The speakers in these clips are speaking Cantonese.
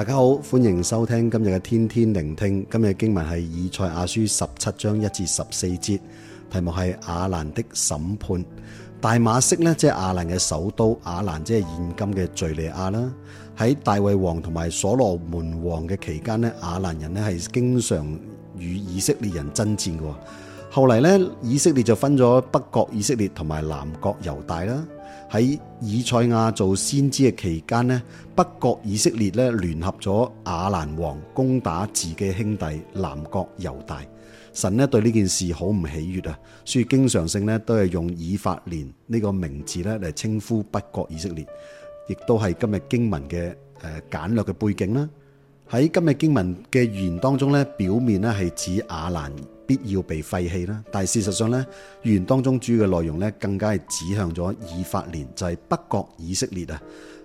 大家好，歡迎收聽今日嘅天天聆聽。今日嘅經文係以賽亞書十七章一至十四節，題目係亞蘭的審判。大馬色咧，即係亞蘭嘅首都，亞蘭即係現今嘅敘利亞啦。喺大衛王同埋所羅門王嘅期間咧，亞蘭人咧係經常與以色列人爭戰嘅。後嚟咧，以色列就分咗北國以色列同埋南國猶大啦。喺以賽亞做先知嘅期間呢，北國以色列呢聯合咗亞蘭王攻打自己兄弟南國猶大，神呢對呢件事好唔喜悅啊，所以經常性呢都係用以法蓮呢個名字呢嚟稱呼北國以色列，亦都係今日經文嘅誒簡略嘅背景啦。喺今日經文嘅預言當中呢，表面呢係指亞蘭。必要被廢棄啦，但係事實上呢，預言當中主要嘅內容呢，更加係指向咗以法蓮，就係北國以色列啊。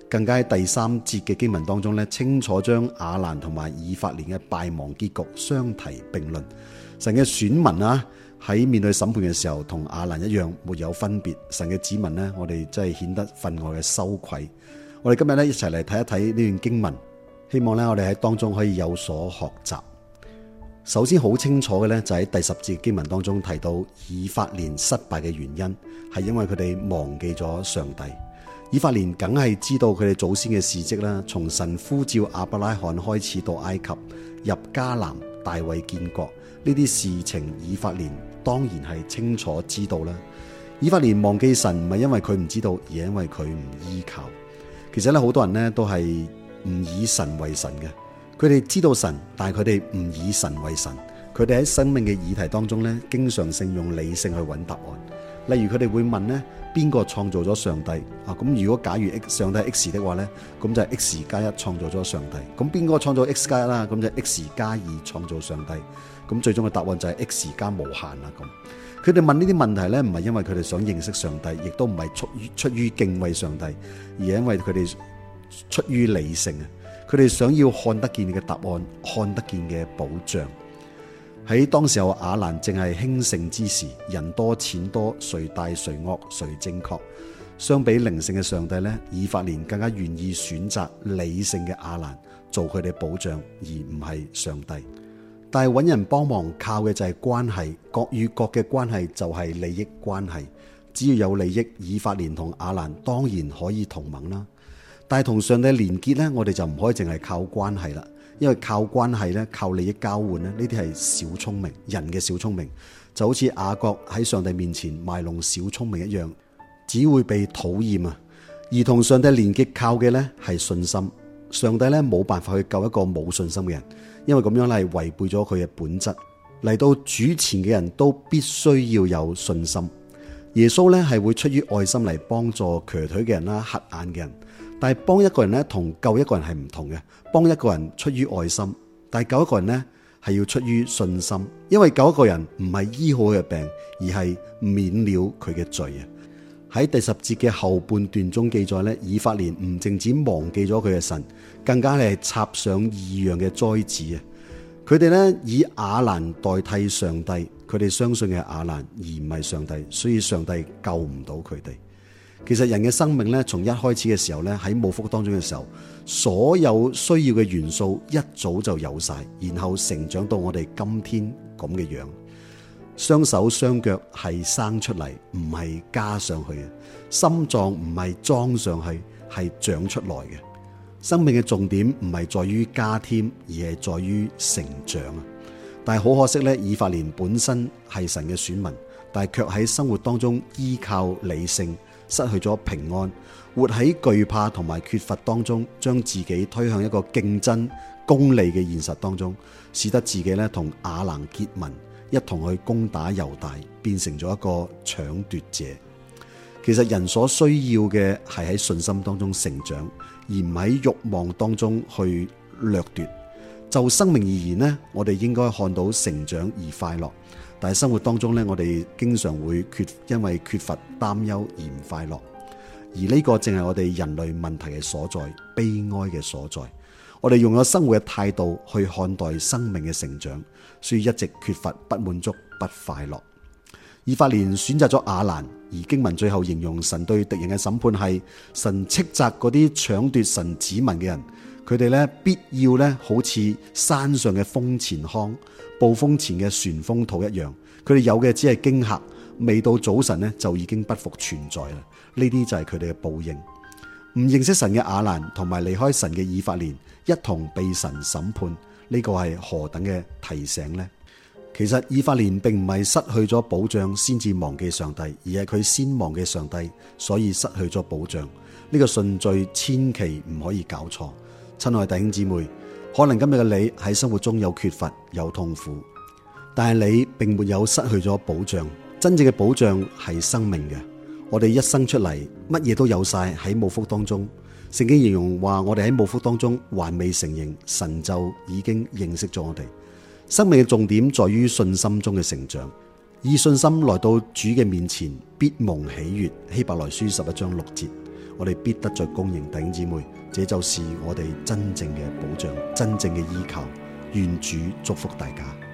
更加喺第三節嘅經文當中呢，清楚將亞蘭同埋以法蓮嘅敗亡結局相提並論。神嘅選民啊，喺面對審判嘅時候，同亞蘭一樣沒有分別。神嘅子民呢，我哋真係顯得分外嘅羞愧。我哋今日呢，一齊嚟睇一睇呢段經文，希望呢，我哋喺當中可以有所學習。首先好清楚嘅咧，就喺第十節嘅經文當中提到以法蓮失敗嘅原因，係因為佢哋忘記咗上帝。以法蓮梗係知道佢哋祖先嘅事跡啦，從神呼召亞伯拉罕開始到埃及入迦南、大衛建國呢啲事情，以法蓮當然係清楚知道啦。以法蓮忘記神唔係因為佢唔知道，而係因為佢唔依靠。其實咧，好多人呢都係唔以神為神嘅。佢哋知道神，但係佢哋唔以神為神。佢哋喺生命嘅議題當中咧，經常性用理性去揾答案。例如佢哋會問咧，邊個創造咗上帝啊？咁如果假如上帝係 X 的話咧，咁就係 X 加一創造咗上帝。咁邊個創造 X 加一啦？咁就係 X 加二創造上帝。咁最終嘅答案就係 X 加無限啦。咁佢哋問呢啲問題咧，唔係因為佢哋想認識上帝，亦都唔係出於出於敬畏上帝，而係因為佢哋出於理性啊。佢哋想要看得見你嘅答案，看得見嘅保障。喺當時候，亞蘭正係興盛之時，人多錢多，誰大誰惡，誰正確？相比靈性嘅上帝呢，以法蓮更加願意選擇理性嘅亞蘭做佢哋保障，而唔係上帝。但係揾人幫忙靠嘅就係關係，國與國嘅關係就係利益關係。只要有利益，以法蓮同亞蘭當然可以同盟啦。但係同上帝連結咧，我哋就唔可以淨係靠關係啦。因為靠關係咧，靠利益交換咧，呢啲係小聰明，人嘅小聰明就好似雅各喺上帝面前賣弄小聰明一樣，只會被討厭啊。而同上帝連結靠嘅咧係信心，上帝咧冇辦法去救一個冇信心嘅人，因為咁樣咧係違背咗佢嘅本質。嚟到主前嘅人都必須要有信心。耶穌咧係會出於愛心嚟幫助瘸腿嘅人啦、瞎眼嘅人。但係幫一個人咧同救一個人係唔同嘅，幫一個人出於愛心，但係救一個人咧係要出於信心，因為救一個人唔係醫好佢嘅病，而係免了佢嘅罪啊！喺第十節嘅後半段中記載咧，以法蓮唔淨止忘記咗佢嘅神，更加係插上異樣嘅栽子。啊！佢哋咧以亞蘭代替上帝，佢哋相信嘅亞蘭而唔係上帝，所以上帝救唔到佢哋。其實人嘅生命咧，從一開始嘅時候咧，喺母腹當中嘅時候，所有需要嘅元素一早就有晒，然後成長到我哋今天咁嘅樣。雙手雙腳係生出嚟，唔係加上去嘅；心臟唔係裝上去，係長出來嘅。生命嘅重點唔係在於加添，而係在於成長啊！但係好可惜咧，以法蓮本身係神嘅選民，但係卻喺生活當中依靠理性。失去咗平安，活喺懼怕同埋缺乏當中，將自己推向一個競爭、功利嘅現實當中，使得自己咧同亞蘭結盟，一同去攻打猶大，變成咗一個搶奪者。其實人所需要嘅係喺信心當中成長，而唔喺慾望當中去掠奪。就生命而言咧，我哋應該看到成長而快樂。但係生活當中咧，我哋經常會缺因為缺乏擔憂而唔快樂，而呢個正係我哋人類問題嘅所在，悲哀嘅所在。我哋用咗生活嘅態度去看待生命嘅成長，所以一直缺乏不滿足、不快樂。以法蓮選擇咗亞蘭，而經文最後形容神對敵人嘅審判係神斥責嗰啲搶奪神子民嘅人。佢哋咧必要咧，好似山上嘅風前糠、暴風前嘅旋風土一樣。佢哋有嘅只係驚嚇，未到早晨咧就已經不復存在啦。呢啲就係佢哋嘅報應。唔認識神嘅亞蘭同埋離開神嘅以法蓮一同被神審判，呢個係何等嘅提醒呢？其實以法蓮並唔係失去咗保障先至忘記上帝，而係佢先忘記上帝，所以失去咗保障。呢個順序千祈唔可以搞錯。親愛弟兄姊妹，可能今日嘅你喺生活中有缺乏，有痛苦，但係你並沒有失去咗保障。真正嘅保障係生命嘅。我哋一生出嚟，乜嘢都有晒喺母腹當中。聖經形容話，我哋喺母腹當中，還未成形，神就已經認識咗我哋。生命嘅重點在於信心中嘅成長，以信心來到主嘅面前，必蒙喜悅。希伯來書十一章六節。我哋必得着供應。弟兄姊妹，這就是我哋真正嘅保障，真正嘅依靠。願主祝福大家。